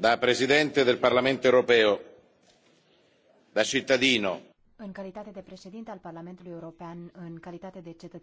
da presidente del parlamento europeo da cittadino în calitate de președinte al parlamentului european în calitate de cetățean